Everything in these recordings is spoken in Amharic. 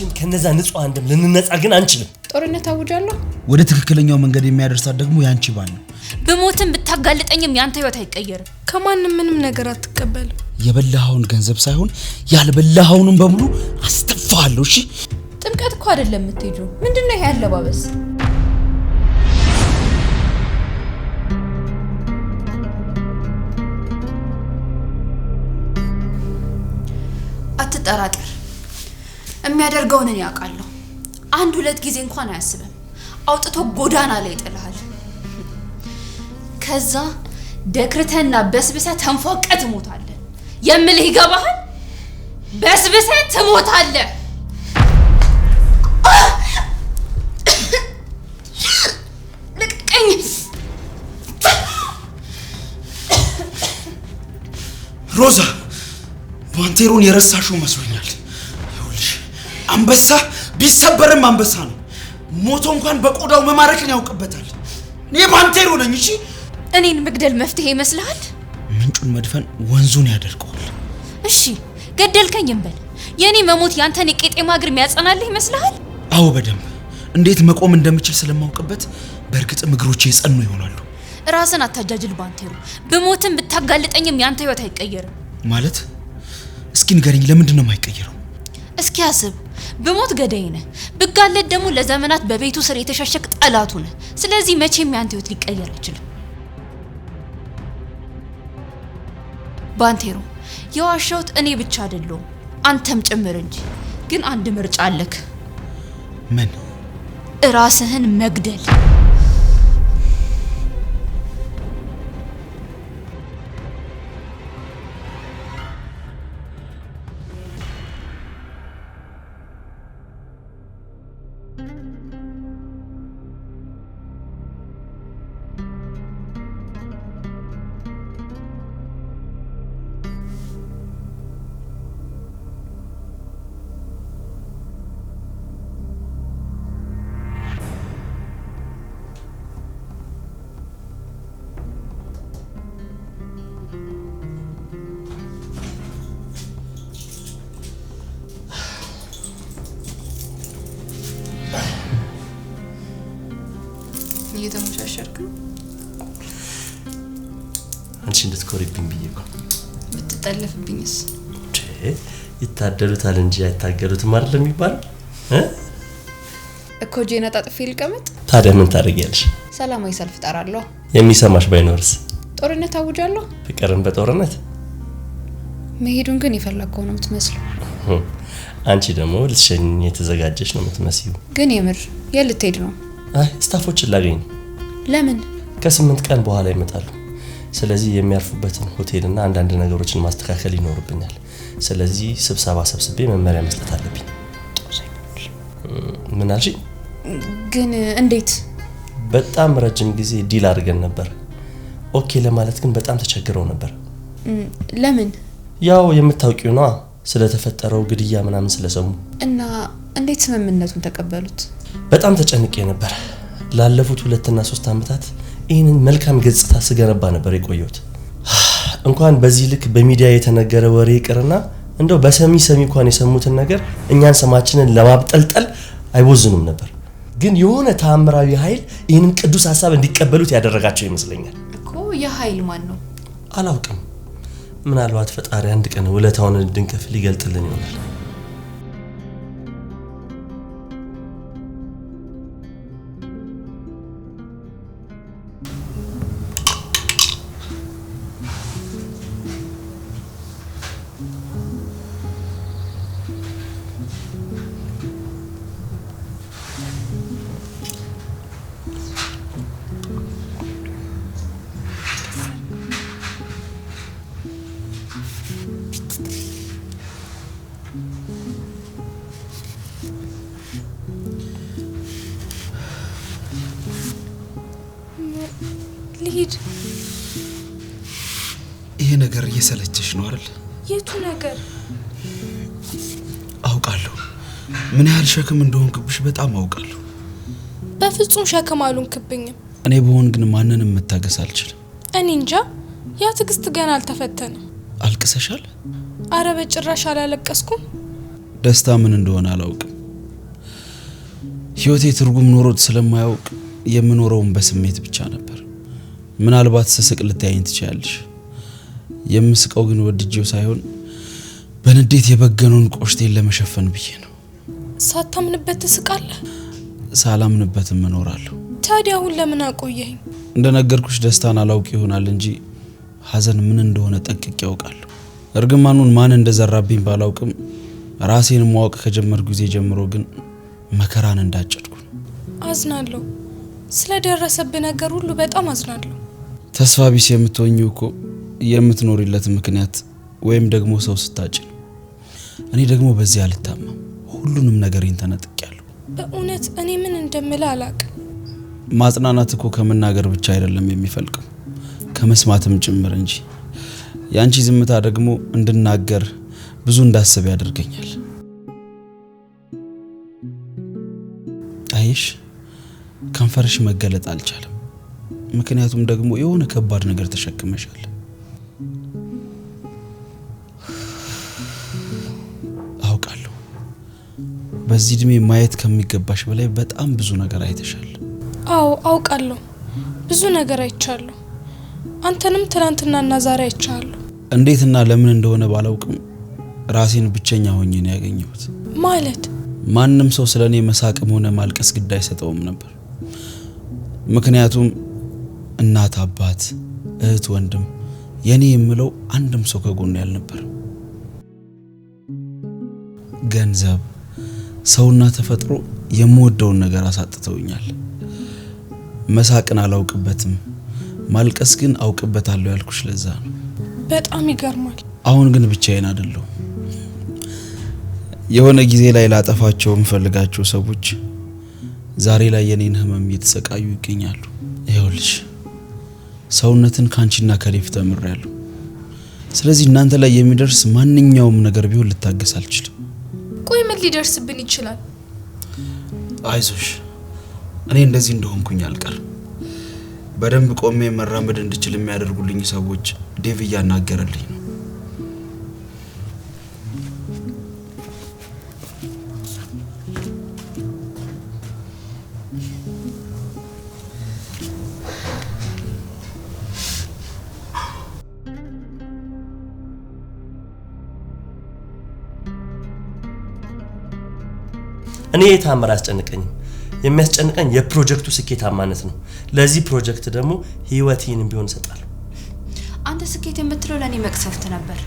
መቼም ከነዛ ንጹሐን ደም ልንነጻ ግን አንችልም። ጦርነት አውጃለሁ። ወደ ትክክለኛው መንገድ የሚያደርሳት ደግሞ ያንቺ ባል ነው። ብሞትም ብታጋልጠኝም ያንተ ህይወት አይቀየርም። ከማንም ምንም ነገር አትቀበል። የበላኸውን ገንዘብ ሳይሆን ያልበላኸውንም በሙሉ አስተፋለሁ። እሺ። ጥምቀት እኮ አይደለም የምትሄጂው። ምንድነው ይሄ አለባበስ? አትጠራጠር የሚያደርገውን እኔ ያውቃለሁ። አንድ ሁለት ጊዜ እንኳን አያስብም። አውጥቶ ጎዳና ላይ ይጥልሃል። ከዛ ደክርተና በስብሰ ተንፏቀ ትሞታለ። የምልህ ይገባሃል? በስብሰ ትሞታለ። ልቀቀኝ! ሮዛ፣ ባንቴሮን የረሳሽው መስሎኝ አንበሳ ቢሰበርም አንበሳ ነው። ሞቶ እንኳን በቆዳው መማረክን ያውቅበታል። እኔ ባንቴሮ ነኝ። እሺ እኔን መግደል መፍትሄ ይመስልሃል? ምንጩን መድፈን ወንዙን ያደርገዋል። እሺ ገደልከኝ እንበል፣ የእኔ መሞት ያንተን የቄጤማ እግር የሚያጸናልህ ይመስልሃል? አዎ በደንብ እንዴት መቆም እንደምችል ስለማውቅበት፣ በእርግጥም እግሮቼ የጸኑ ይሆናሉ። ራስን አታጃጅል ባንቴሮ። ብሞትም ብታጋልጠኝም ያንተ ህይወት አይቀየርም ማለት። እስኪ ንገረኝ፣ ለምንድን ነው የማይቀየረው? እስኪ አስብ ብሞት ገዳይ ነህ፣ ብጋለጥ ደግሞ ለዘመናት በቤቱ ስር የተሸሸቅ ጠላቱ ነህ። ስለዚህ መቼም ያንተ ህይወት ሊቀየር አይችልም። ባንቴሮ፣ የዋሻሁት እኔ ብቻ አይደለሁም አንተም ጭምር እንጂ። ግን አንድ ምርጫ አለክ። ምን? እራስህን መግደል አንቺ እንድትኮሪብኝ ብዬ እኮ ብትጠለፍብኝስ? ይታደሉታል እንጂ አይታገሉትም አይደል የሚባለው እኮ። ጄና ጣጥፌ ልቀመጥ። ታዲያ ምን ታደርጊያለሽ? ሰላማዊ ሰልፍ እጠራለሁ። የሚሰማሽ ባይኖርስ? ጦርነት አውጃለሁ። ፍቅርን በጦርነት መሄዱን ግን የፈለግከው ነው የምትመስለው። አንቺ ደግሞ ልትሸኝ የተዘጋጀች ነው የምትመስዩ። ግን የምር የልትሄድ ነው? አይ ስታፎችን ላገኝ ለምን? ከስምንት ቀን በኋላ ይመጣሉ። ስለዚህ የሚያርፉበትን ሆቴልና አንዳንድ ነገሮችን ማስተካከል ይኖርብኛል። ስለዚህ ስብሰባ ሰብስቤ መመሪያ መስጠት አለብኝ። ምን አልሽ? ግን እንዴት? በጣም ረጅም ጊዜ ዲል አድርገን ነበር። ኦኬ ለማለት ግን በጣም ተቸግረው ነበር። ለምን? ያው የምታውቂው ነዋ፣ ስለተፈጠረው ግድያ ምናምን ስለሰሙ እና እንዴት ስምምነቱን ተቀበሉት? በጣም ተጨንቄ ነበር። ላለፉት ሁለትና ሶስት ዓመታት ይህንን መልካም ገጽታ ስገነባ ነበር የቆየሁት። እንኳን በዚህ ልክ በሚዲያ የተነገረ ወሬ ይቅርና እንደው በሰሚ ሰሚ እንኳን የሰሙትን ነገር እኛን ስማችንን ለማብጠልጠል አይቦዝኑም ነበር። ግን የሆነ ተአምራዊ ኃይል ይህንን ቅዱስ ሀሳብ እንዲቀበሉት ያደረጋቸው ይመስለኛል እኮ። ኃይል ማን ነው? አላውቅም። ምናልባት ፈጣሪ አንድ ቀን ውለታውን እንድንከፍል ይገልጥልን ይሆናል። ልሂድ። ይሄ ነገር እየሰለችሽ ነው አይደል? የቱ ነገር? አውቃለሁ ምን ያህል ሸክም እንደሆንክብሽ በጣም አውቃለሁ። በፍጹም ሸክም አልሆንክብኝም። እኔ በሆን ግን ማንንም መታገስ አልችልም። እኔ እንጃ፣ ያ ትዕግስት ገና አልተፈተነም። አልቅሰሻል? አረ በጭራሽ አላለቀስኩም። ደስታ ምን እንደሆነ አላውቅም። ህይወቴ ትርጉም ኖሮት ስለማያውቅ የምኖረውን በስሜት ብቻ ነበር። ምናልባት ስስቅ ልታየኝ ትችያለሽ። የምስቀው ግን ወድጄው ሳይሆን በንዴት የበገነውን ቆሽቴን ለመሸፈን ብዬ ነው። ሳታምንበት ትስቃለህ? ሳላምንበትም እኖራለሁ። ታዲያ አሁን ለምን አቆየኝ? እንደነገርኩሽ ደስታን አላውቅ ይሆናል እንጂ ሐዘን ምን እንደሆነ ጠንቅቄ ያውቃለሁ። እርግማኑን ማን እንደዘራብኝ ባላውቅም ራሴን ማወቅ ከጀመር ጊዜ ጀምሮ ግን መከራን እንዳጨድኩ ነው። አዝናለሁ። ስለደረሰብህ ነገር ሁሉ በጣም አዝናለሁ። ተስፋ ቢስ የምትሆኚው እኮ የምትኖሪለት ምክንያት ወይም ደግሞ ሰው ስታጭ ነው። እኔ ደግሞ በዚህ አልታማም። ሁሉንም ነገሬን ተነጥቄያለሁ። በእውነት እኔ ምን እንደምልህ አላውቅም። ማጽናናት እኮ ከመናገር ብቻ አይደለም የሚፈልቀው ከመስማትም ጭምር እንጂ የአንቺ ዝምታ ደግሞ እንድናገር ብዙ እንዳስብ ያደርገኛል። አይሽ ከንፈርሽ መገለጥ አልቻለም። ምክንያቱም ደግሞ የሆነ ከባድ ነገር ተሸክመሻል። አውቃለሁ በዚህ እድሜ ማየት ከሚገባሽ በላይ በጣም ብዙ ነገር አይተሻል። አዎ አውቃለሁ፣ ብዙ ነገር አይቻለሁ። አንተንም ትናንትናና ዛሬ አይቻለሁ። እንዴትና ለምን እንደሆነ ባላውቅም ራሴን ብቸኛ ሆኜ ነው ያገኘሁት። ማለት ማንም ሰው ስለ እኔ መሳቅም ሆነ ማልቀስ ግድ አይሰጠውም ነበር። ምክንያቱም እናት፣ አባት፣ እህት፣ ወንድም የኔ የምለው አንድም ሰው ከጎን ያልነበር። ገንዘብ፣ ሰውና ተፈጥሮ የምወደውን ነገር አሳጥተውኛል። መሳቅን አላውቅበትም። ማልቀስ ግን አውቅበታለሁ ያልኩሽ ለዛ ነው። በጣም ይገርማል። አሁን ግን ብቻዬን አይደለሁ። የሆነ ጊዜ ላይ ላጠፋቸው የምፈልጋቸው ሰዎች ዛሬ ላይ የኔን ህመም እየተሰቃዩ ይገኛሉ። ይኸውልሽ ሰውነትን ካንቺና ከሌፍ ተምሬያለሁ። ስለዚህ እናንተ ላይ የሚደርስ ማንኛውም ነገር ቢሆን ልታገስ አልችልም። ቆይ ምን ሊደርስብን ይችላል? አይዞሽ እኔ እንደዚህ እንደሆንኩኝ አልቀርም። በደንብ ቆሜ መራመድ እንድችል የሚያደርጉልኝ ሰዎች ዴቭ እያናገረልኝ ነው። እኔ የታምር አያስጨንቀኝም። የሚያስጨንቀኝ የፕሮጀክቱ ስኬታማነት ነው። ለዚህ ፕሮጀክት ደግሞ ህይወቴንም ቢሆን እሰጣለሁ። አንተ ስኬት የምትለው ለእኔ መቅሰፍት ነበር።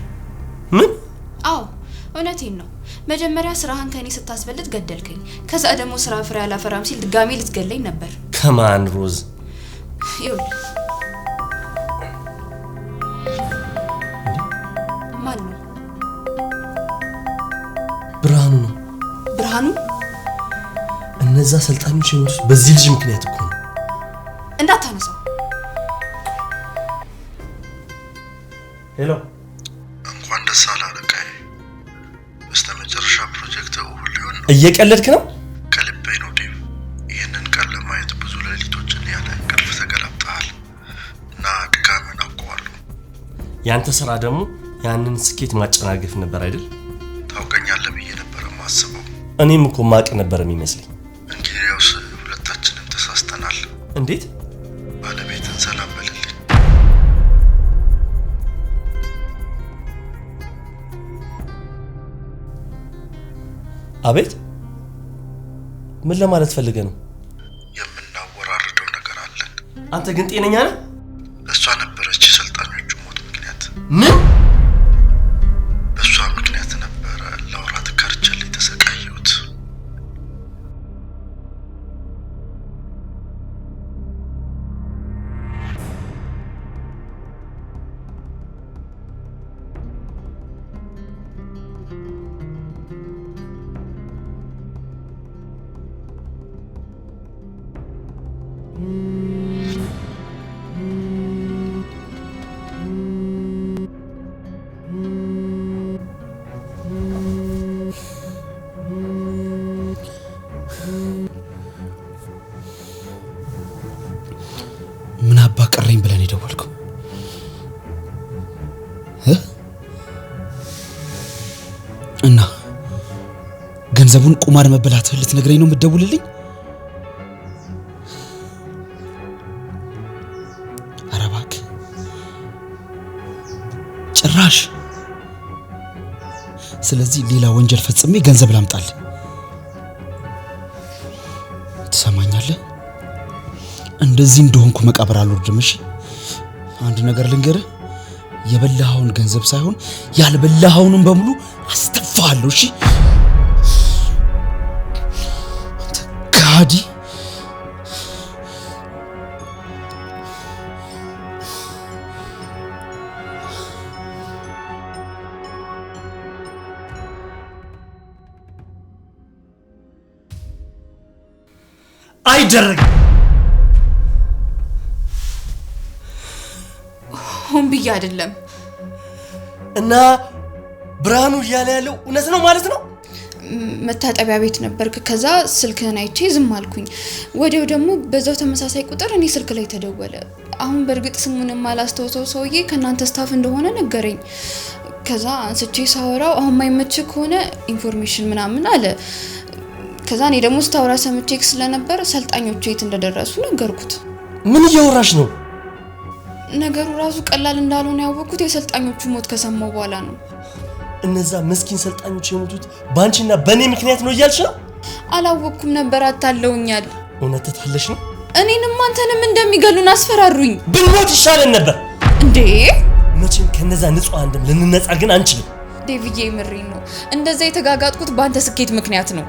ምን? አዎ እውነቴን ነው። መጀመሪያ ስራህን ከእኔ ስታስበልጥ ገደልከኝ። ከዛ ደግሞ ስራ ፍሬ አላፈራም ሲል ድጋሜ ልትገለኝ ነበር። ከማን ሮዝ? ማን ነው? ብርሃኑ ነው። ብርሃኑ እነዛ ሰልጣኞች የሞቱት በዚህ ልጅ ምክንያት እኮ ነው። እንዳታነሳው። ሄሎ፣ እንኳን ደስ አለህ አለቃዬ። በስተ መጨረሻ ፕሮጀክት እሁድ ሊሆን ነው። እየቀለድክ ነው? ከልቤ ነው ዴቭ። ይህንን ቀን ለማየት ብዙ ሌሊቶችን ያለ እንቅልፍ ተገላብጠሃል እና ድካምን አውቀዋለሁ። ያንተ ስራ ደግሞ ያንን ስኬት ማጨናገፍ ነበር አይደል? ታውቀኛለህ ብዬ ነበረ ማስበው። እኔም እኮ ማቅ ነበር የሚመስለኝ። እንዴት? ባለቤትን ሰላም በልልኝ። አቤት። ምን ለማለት ፈልገ ነው? የምናወራርደው ነገር አለን። አንተ ግን ጤነኛ ነህ? እሷ ነበረች የሰልጣኞቹ ሞት ምክንያት። ምን ገንዘቡን ቁማር መበላት ልትነግረኝ ነው የምትደውልልኝ? ኧረ እባክህ ጭራሽ። ስለዚህ ሌላ ወንጀል ፈጽሜ ገንዘብ ላምጣል። ትሰማኛለህ? እንደዚህ እንደሆንኩ መቃብር አልወርድም። እሺ፣ አንድ ነገር ልንገርህ፣ የበላኸውን ገንዘብ ሳይሆን ያልበላኸውንም በሙሉ አስተፋለሁ። እሺ አዲ አይደረግም። ሆን ብዬ አይደለም እና ብርሃኑ እያለ ያለው እውነት ነው ማለት ነው። መታጠቢያ ቤት ነበርክ። ከዛ ስልክህን አይቼ ዝም አልኩኝ። ወዲያው ደግሞ በዛው ተመሳሳይ ቁጥር እኔ ስልክ ላይ ተደወለ። አሁን በእርግጥ ስሙን የማላስታውሰው ሰውዬ ከእናንተ ስታፍ እንደሆነ ነገረኝ። ከዛ አንስቼ ሳወራው አሁን ማይመች ከሆነ ኢንፎርሜሽን ምናምን አለ። ከዛ እኔ ደግሞ ስታወራ ሰምቼክ ስለነበር ሰልጣኞቹ የት እንደደረሱ ነገርኩት። ምን እያወራሽ ነው? ነገሩ ራሱ ቀላል እንዳልሆነ ያወቅኩት የሰልጣኞቹ ሞት ከሰማው በኋላ ነው። እነዛ መስኪን ሰልጣኞች የሞቱት በአንቺና በእኔ ምክንያት ነው እያልሽ ነው? አላወቅኩም ነበር። አታለውኛል። እውነት ተታለሽ ነው? እኔንም አንተንም እንደሚገሉን አስፈራሩኝ። ብንሞት ይሻለን ነበር እንዴ! መቼም ከነዛ ንጹሐን አንድም ልንነጻ ግን አንችልም። ዴቪዬ ምሬ ነው። እንደዛ የተጋጋጥኩት በአንተ ስኬት ምክንያት ነው።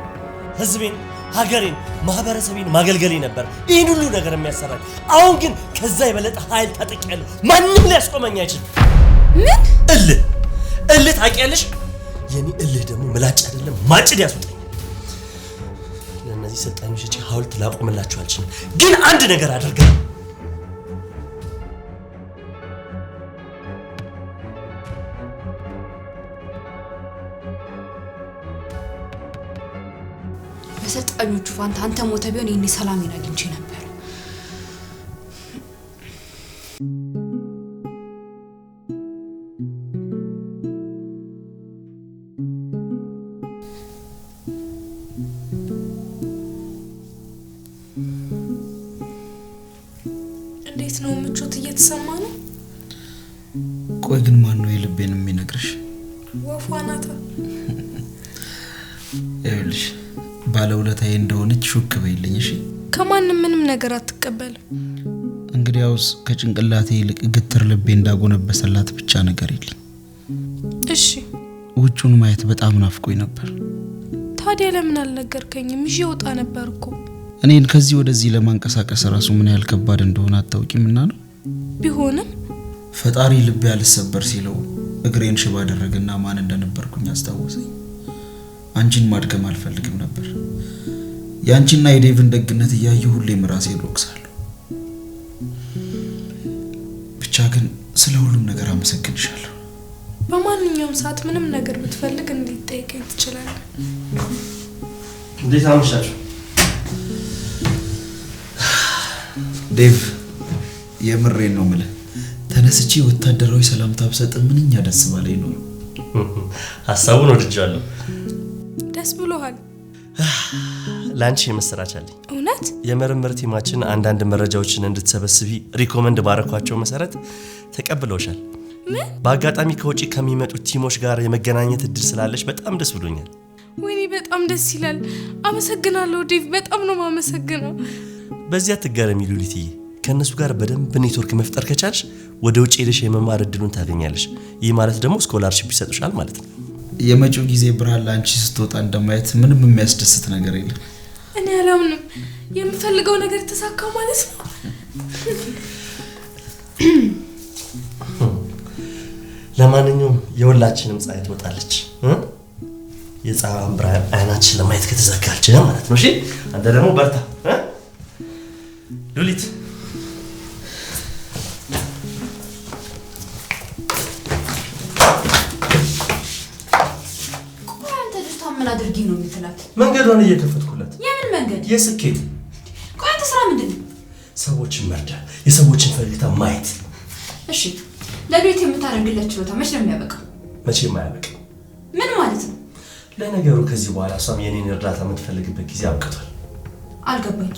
ህዝቤን፣ ሀገሬን፣ ማህበረሰቤን ማገልገሌ ነበር ይህን ሁሉ ነገር የሚያሰራኝ። አሁን ግን ከዛ የበለጠ ኃይል ታጠቅ ያለ ማንም ሊያስቆመኝ አይችልም። ምን እልህ እልህ ታውቂያለሽ። የኔ እልህ ደግሞ ምላጭ አይደለም ማጭድ ያስወጣኛል። ለእነዚህ ሰልጣኞች እጪ ሐውልት ላቆምላቸው አልችልም፣ ግን አንድ ነገር አደርጋለሁ። በሰልጣኞቹ ፋንታ አንተ ሞተ ቢሆን ይህኔ ሰላም አግኝቼ ነበር። ይኸውልሽ ባለውለታዬ እንደሆነች ሹክ በይልኝ እሺ። ከማንም ምንም ነገር አትቀበልም። እንግዲያውስ ከጭንቅላቴ ይልቅ ግትር ልቤ እንዳጎነበሰላት ብቻ ነገር የለኝ። እሺ። ውጩን ማየት በጣም ናፍቆኝ ነበር። ታዲያ ለምን አልነገርከኝም? ይዤ ወጣ ነበር እኮ። እኔን ከዚህ ወደዚህ ለማንቀሳቀስ ራሱ ምን ያህል ከባድ እንደሆነ አታውቂም። እና ነው ቢሆንም ፈጣሪ ልቤ አልሰበር ሲለው እግሬን ሽባ አደረገና ማን እንደነበርኩኝ አስታወሰኝ። አንቺን ማድገም አልፈልግም ነበር። የአንቺና የዴቭን ደግነት እያየ ሁሌም ራሴን እወቅሳለሁ። ብቻ ግን ስለ ሁሉም ነገር አመሰግንሻለሁ። በማንኛውም ሰዓት ምንም ነገር ብትፈልግ እንዲጠይቀኝ ትችላለህ። እንዴት አመሻችሁ? ዴቭ የምሬን ነው የምልህ። ተነስቼ ወታደራዊ ሰላምታ ብሰጥ ምንኛ ደስ ባለኝ ነው። ሀሳቡን ወድጃለሁ። ደስ ብሎሃል። ለአንቺ የምስራች አለኝ። እውነት? የምርምር ቲማችን አንዳንድ መረጃዎችን እንድትሰበስቢ ሪኮመንድ ባረኳቸው መሰረት ተቀብለውሻል። በአጋጣሚ ከውጪ ከሚመጡት ቲሞች ጋር የመገናኘት እድል ስላለች በጣም ደስ ብሎኛል። ወይኔ በጣም ደስ ይላል። አመሰግናለሁ ዴቭ፣ በጣም ነው ማመሰግነው። በዚያ ትገረሚ ሉሊትዬ። ከእነሱ ጋር በደንብ ኔትወርክ መፍጠር ከቻልሽ ወደ ውጭ ሄደሽ የመማር እድሉን ታገኛለሽ። ይህ ማለት ደግሞ ስኮላርሽፕ ይሰጡሻል ማለት ነው። የመጪው ጊዜ ብርሃን ለአንቺ ስትወጣ እንደማየት ምንም የሚያስደስት ነገር የለም። እኔ አላምንም። የምፈልገው ነገር ተሳካ ማለት ነው። ለማንኛውም የሁላችንም ፀሐይ ትወጣለች። የፀሐይዋን ብርሃን አይናችን ለማየት ከተዘጋጀ ማለት ነው። እሺ አንተ ደግሞ በርታ ሉሊት። አድርጊ ነው የምትላት። መንገዷን እየከፈትኩላት። የምን መንገድ? የስኬት። ቆይ አንተ ስራ ምንድን ነው? ሰዎችን መርዳት፣ የሰዎችን ፈገግታ ማየት። እሺ፣ ለቤት የምታደርግለት ችሎታ መቼ ነው የሚያበቃው? መቼ አያበቃም። ምን ማለት ነው? ለነገሩ ከዚህ በኋላ እሷም የኔን እርዳታ የምትፈልግበት ጊዜ አብቅቷል። አልገባኝ።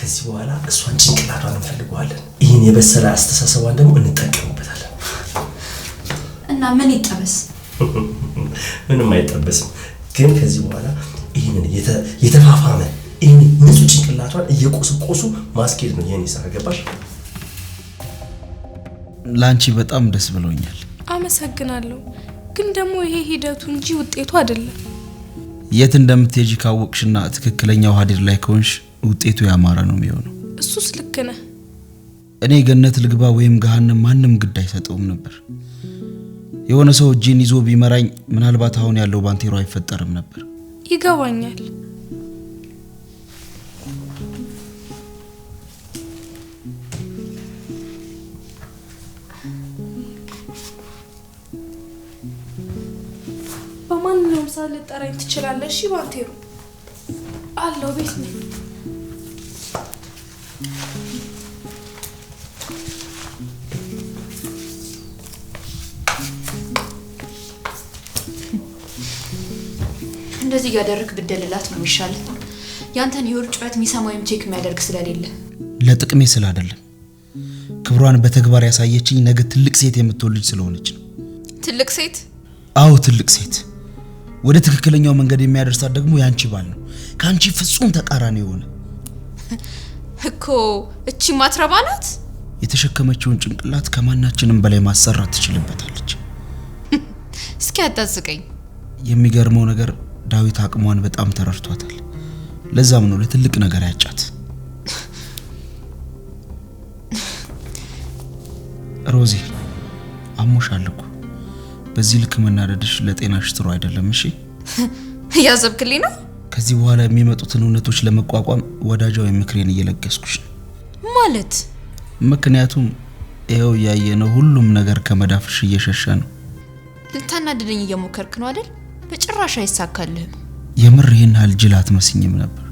ከዚህ በኋላ እሷን ጭንቅላቷን እንፈልገዋለን። ይህን የበሰለ አስተሳሰቧን ደግሞ እንጠቀምበታለን። እና ምን ይጠበስ? ምንም አይጠበስም። ግን ከዚህ በኋላ ይህንን የተፋፋመ ይህን ንጹህ ጭንቅላቷን እየቆሰቆሱ ማስኬድ ነው ይህን ስራ። ገባሽ? ለአንቺ በጣም ደስ ብሎኛል። አመሰግናለሁ። ግን ደግሞ ይሄ ሂደቱ እንጂ ውጤቱ አይደለም። የት እንደምትሄጂ ካወቅሽና ትክክለኛው ሀዲድ ላይ ከሆንሽ ውጤቱ ያማረ ነው የሚሆነው። እሱስ ልክ ነህ። እኔ ገነት ልግባ ወይም ገሃነም ማንም ግድ አይሰጠውም ነበር። የሆነ ሰው እጄን ይዞ ቢመራኝ ምናልባት አሁን ያለው ባንቴሮ አይፈጠርም ነበር። ይገባኛል። በማንኛውም ሰዓት ልጠራኝ ትችላለሽ። ባንቴሮ አለው ቤት ነኝ። እንደዚህ እያደረግ ብደልላት ነው የሚሻልን። ያንተን የወር ጩኸት የሚሰማ ወይም ቼክ የሚያደርግ ስለሌለ ለጥቅሜ ስለ አይደለም ክብሯን በተግባር ያሳየችኝ ነገ ትልቅ ሴት የምትወልጅ ስለሆነች ነው። ትልቅ ሴት? አዎ ትልቅ ሴት። ወደ ትክክለኛው መንገድ የሚያደርሳት ደግሞ ያንቺ ባል ነው። ከአንቺ ፍጹም ተቃራኒ የሆነ እኮ እቺ ማትረባ ናት። የተሸከመችውን ጭንቅላት ከማናችንም በላይ ማሰራት ትችልበታለች። እስኪ አጣዝቀኝ። የሚገርመው ነገር ዳዊት አቅሟን በጣም ተረድቷታል። ለዛም ነው ለትልቅ ነገር ያጫት። ሮዚ አሞሻል እኮ በዚህ ልክ መናደድሽ ለጤናሽ ጥሩ አይደለም። እሺ እያዘብክልኝ ነው። ከዚህ በኋላ የሚመጡትን እውነቶች ለመቋቋም ወዳጃዊ ምክሬን እየለገስኩሽ ነው ማለት። ምክንያቱም ይኸው ያየነው ሁሉም ነገር ከመዳፍሽ እየሸሸ ነው። ልታናድደኝ እየሞከርክ ነው አይደል? በጭራሽ አይሳካልህም። የምር ይህን ያህል ጅል አትመስኝም ነበር።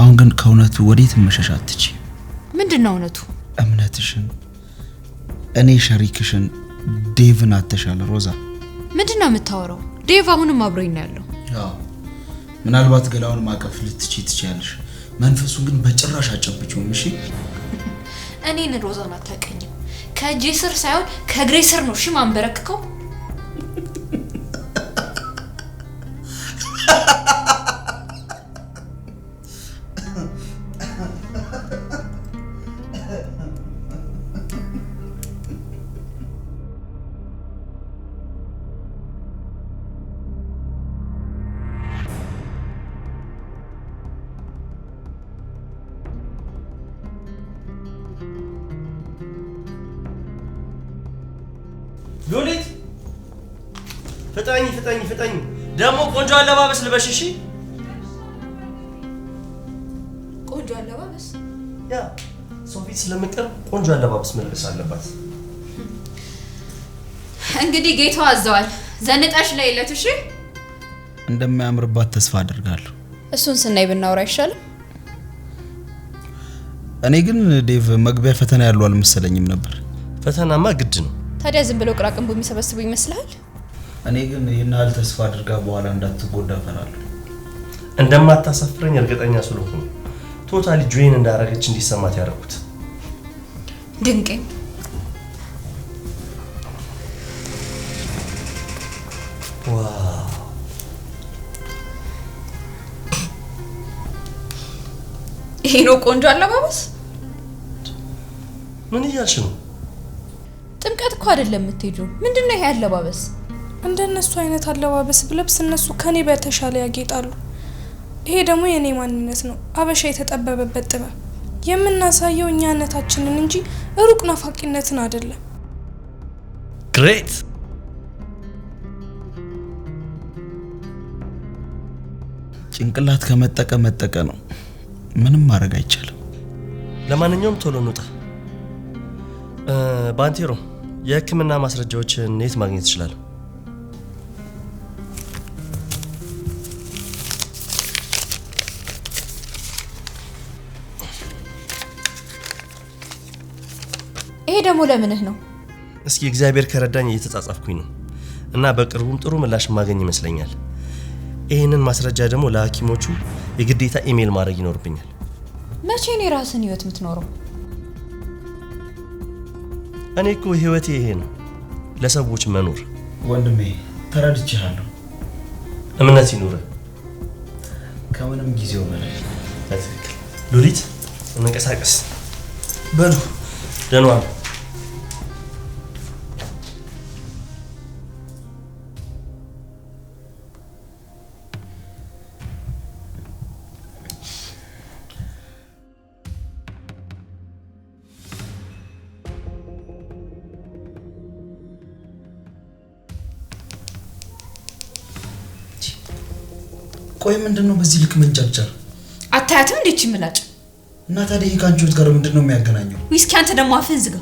አሁን ግን ከእውነቱ ወዴት መሸሽ አትችይ። ምንድን ነው እውነቱ? እምነትሽን፣ እኔ ሸሪክሽን ዴቭን አተሻለ። ሮዛ ምንድን ነው የምታወራው? ዴቭ አሁንም አብሮኝ ነው ያለው። ምናልባት ገላውን ማቀፍ ልትችይ ትችያለሽ፣ መንፈሱን ግን በጭራሽ አጨብጭውም። እሺ እኔን ሮዛን አታውቅኝም። ከእጄ ስር ሳይሆን ከእግሬ ስር ነው ሺ ማንበረክከው አለባበስ ልበሽ። እሺ፣ ቆንጆ አለባበስ። ያ ሰው ፊት ቆንጆ አለባበስ መልበስ አለባት። እንግዲህ ጌታው አዘዋል። ዘንጠሽ ለት። እሺ፣ እንደማያምርባት ተስፋ አድርጋለሁ። እሱን ስናይ ብናወራ አይሻልም? እኔ ግን ዴቭ መግቢያ ፈተና ያለው አልመሰለኝም ነበር። ፈተናማ ግድ ነው። ታዲያ ዝም ብለው ቅራቅንቡ የሚሰበስቡ ይመስልሃል? እኔ ግን ይህን ያህል ተስፋ አድርጋ በኋላ እንዳትጎዳ ፈራለሁ እንደማታሳፍረኝ እርግጠኛ ስለሆኑ ቶታሊ ጆይን እንዳረገች እንዲሰማት ያደረኩት ድንቄ ይሄ ነው ቆንጆ አለባበስ። ምን እያልሽ ነው? ጥምቀት እኮ አይደለም የምትሄጂው። ምንድን ነው ይሄ አለባበስ? እንደነሱ አይነት አለባበስ ብለብስ እነሱ ከኔ በተሻለ ያጌጣሉ። ይሄ ደግሞ የኔ ማንነት ነው፣ አበሻ የተጠበበበት ጥበብ። የምናሳየው እኛነታችንን እንጂ ሩቅ ናፋቂነትን አይደለም። ግሬት ጭንቅላት ከመጠቀ መጠቀ ነው። ምንም ማድረግ አይቻልም። ለማንኛውም ቶሎ እንውጣ። ባንቴሮ፣ የህክምና ማስረጃዎችን የት ማግኘት ይችላል? ደግሞ ለምንህ ነው? እስኪ እግዚአብሔር ከረዳኝ እየተጻጻፍኩኝ ነው እና በቅርቡም ጥሩ ምላሽ ማገኝ ይመስለኛል። ይህንን ማስረጃ ደግሞ ለሐኪሞቹ የግዴታ ኢሜይል ማድረግ ይኖርብኛል። መቼ ነው የራስን ህይወት የምትኖረው? እኔ እኮ ህይወቴ ይሄ ነው፣ ለሰዎች መኖር። ወንድሜ ተረድቼሃለሁ። እምነት ይኑረ ከምንም ጊዜው በላይ ትክክል። ሉሊት፣ እንቀሳቀስ በሉ ደህና ዋሉ። ቆይ ምንድን ነው በዚህ ልክ መንጨርጨር? አታያትም እንዴች ምላጭ እና ታዲያ ይህ ጋር ምንድን ነው የሚያገናኘው? ዊስኪ አንተ ደግሞ አፍህን ዝጋ።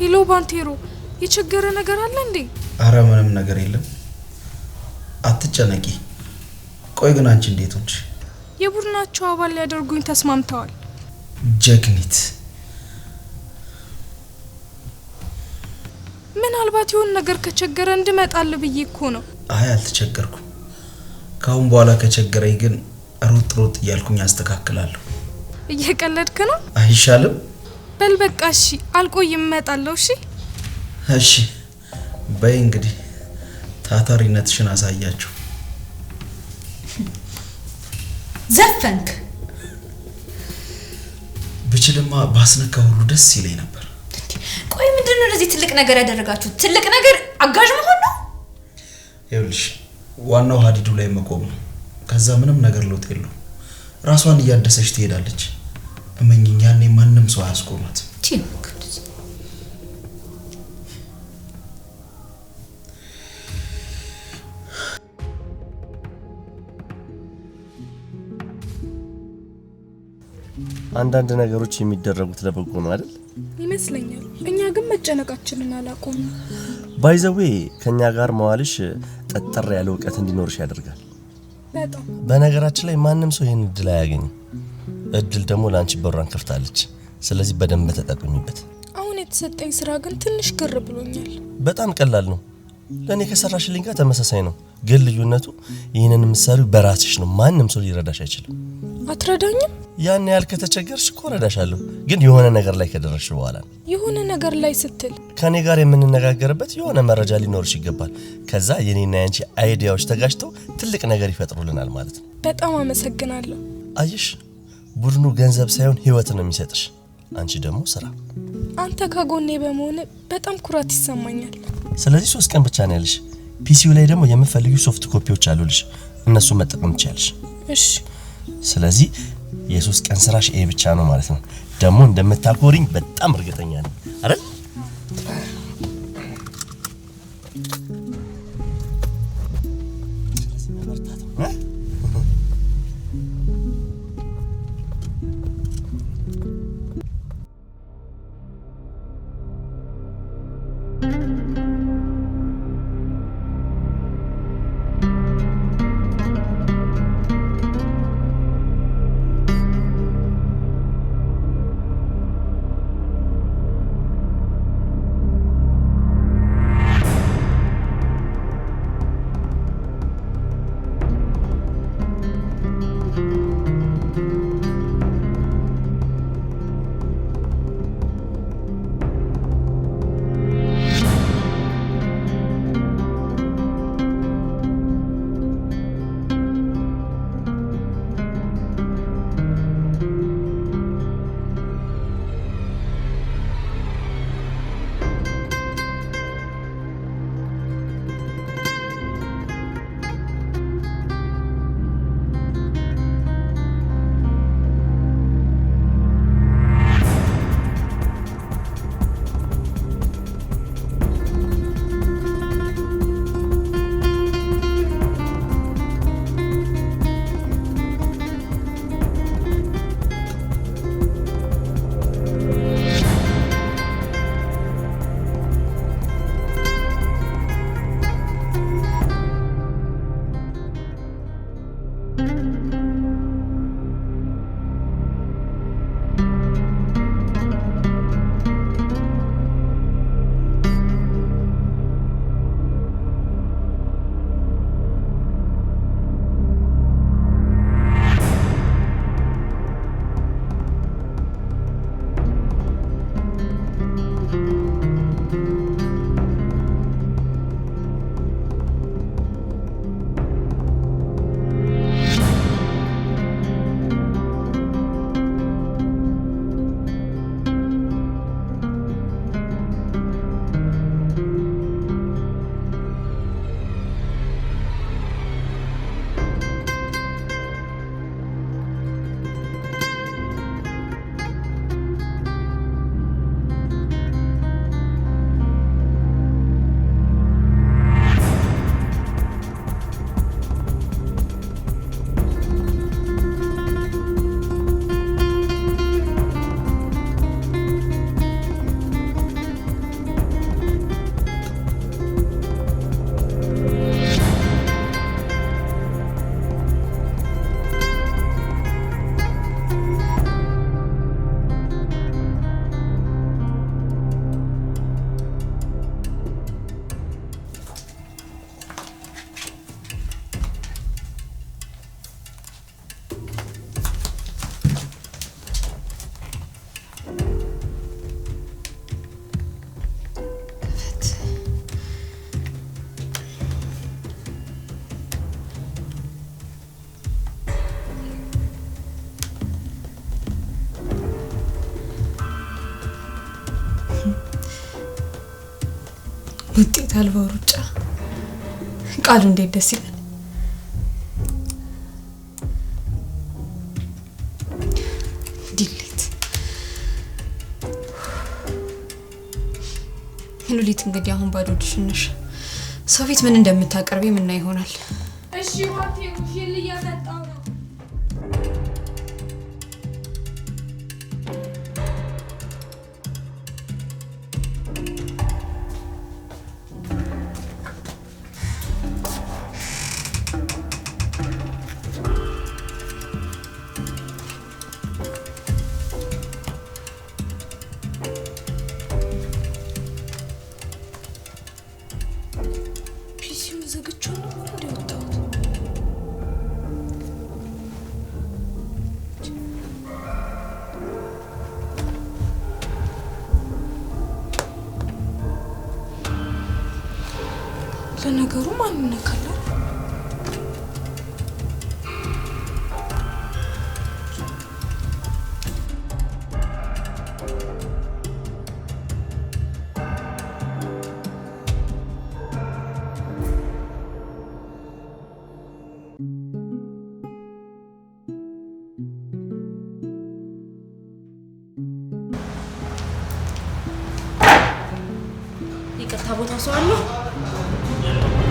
ሄሎ ባንቴሮ፣ የቸገረ ነገር አለ እንዴ? አረ ምንም ነገር የለም፣ አትጨነቂ። ቆይ ግን አንቺ እንዴት ሆንሽ? የቡድናቸው አባል ሊያደርጉኝ ተስማምተዋል። ጀግኒት ምናልባት የሆን ነገር ከቸገረ እንድመጣል ብዬ እኮ ነው። አይ አልተቸገርኩም። ከአሁን በኋላ ከቸገረኝ ግን ሮጥ ሮጥ እያልኩኝ አስተካክላለሁ። እየቀለድክ ነው? አይሻልም። በል በቃ እሺ፣ አልቆይም፣ እመጣለሁ። እሺ፣ እሺ። በይ እንግዲህ ታታሪነትሽን አሳያችሁ። ዘፈንክ። ብችልማ ባስነካ ሁሉ ደስ ይለኝ ነበር። ቆይ ምንድን ነው እንደዚህ ትልቅ ነገር ያደረጋችሁት ትልቅ ነገር አጋዥ መሆን ነው። ይኸውልሽ ዋናው ሀዲዱ ላይ መቆም ነው። ከዛ ምንም ነገር ለውጥ የለው። ራሷን እያደሰች ትሄዳለች። እመኝኝ፣ ያኔ ማንም ሰው አያስቆማት። አንዳንድ ነገሮች የሚደረጉት ለበጎ ነው አይደል? ይመስለኛል። እኛ ግን መጨነቃችንን አላቆም። ባይዘዌ ከእኛ ጋር መዋልሽ ጠጠር ያለ እውቀት እንዲኖርሽ ያደርጋል። በጣም በነገራችን ላይ ማንም ሰው ይህን እድል አያገኝም። እድል ደግሞ ለአንቺ በሯን ከፍታለች። ስለዚህ በደንብ ተጠቅሚበት። አሁን የተሰጠኝ ስራ ግን ትንሽ ግር ብሎኛል። በጣም ቀላል ነው። ለእኔ ከሰራሽልኝ ጋር ተመሳሳይ ነው፣ ግን ልዩነቱ ይህንን ምሳሌ በራስሽ ነው። ማንም ሰው ሊረዳሽ አይችልም። አትረዳኝም? ያን ያህል ከተቸገርሽ እኮ እረዳሻለሁ፣ ግን የሆነ ነገር ላይ ከደረስሽ በኋላ። የሆነ ነገር ላይ ስትል? ከእኔ ጋር የምንነጋገርበት የሆነ መረጃ ሊኖርሽ ይገባል። ከዛ የኔና ያንቺ አይዲያዎች ተጋጅተው ትልቅ ነገር ይፈጥሩልናል ማለት ነው። በጣም አመሰግናለሁ። አየሽ፣ ቡድኑ ገንዘብ ሳይሆን ህይወት ነው የሚሰጥሽ፣ አንቺ ደግሞ ስራ። አንተ ከጎኔ በመሆን በጣም ኩራት ይሰማኛል። ስለዚህ ሶስት ቀን ብቻ ነው ያለሽ። ፒሲው ላይ ደግሞ የምፈልጊው ሶፍት ኮፒዎች አሉልሽ፣ እነሱ መጠቀም ትችያለሽ። እሺ ስለዚህ የሶስት ቀን ስራሽ ይሄ ብቻ ነው ማለት ነው። ደግሞ እንደምታኮሪኝ በጣም እርግጠኛ ነኝ አይደል? ውጤት አልባው ሩጫ ቃሉ እንዴት ደስ ይላል። ዲሊት ሉሊት፣ እንግዲህ አሁን ባዶ እጅሽን ነሽ። ሰው ፊት ምን እንደምታቀርቢ ምና ይሆናል። እሺ ለብሰዋለሁ።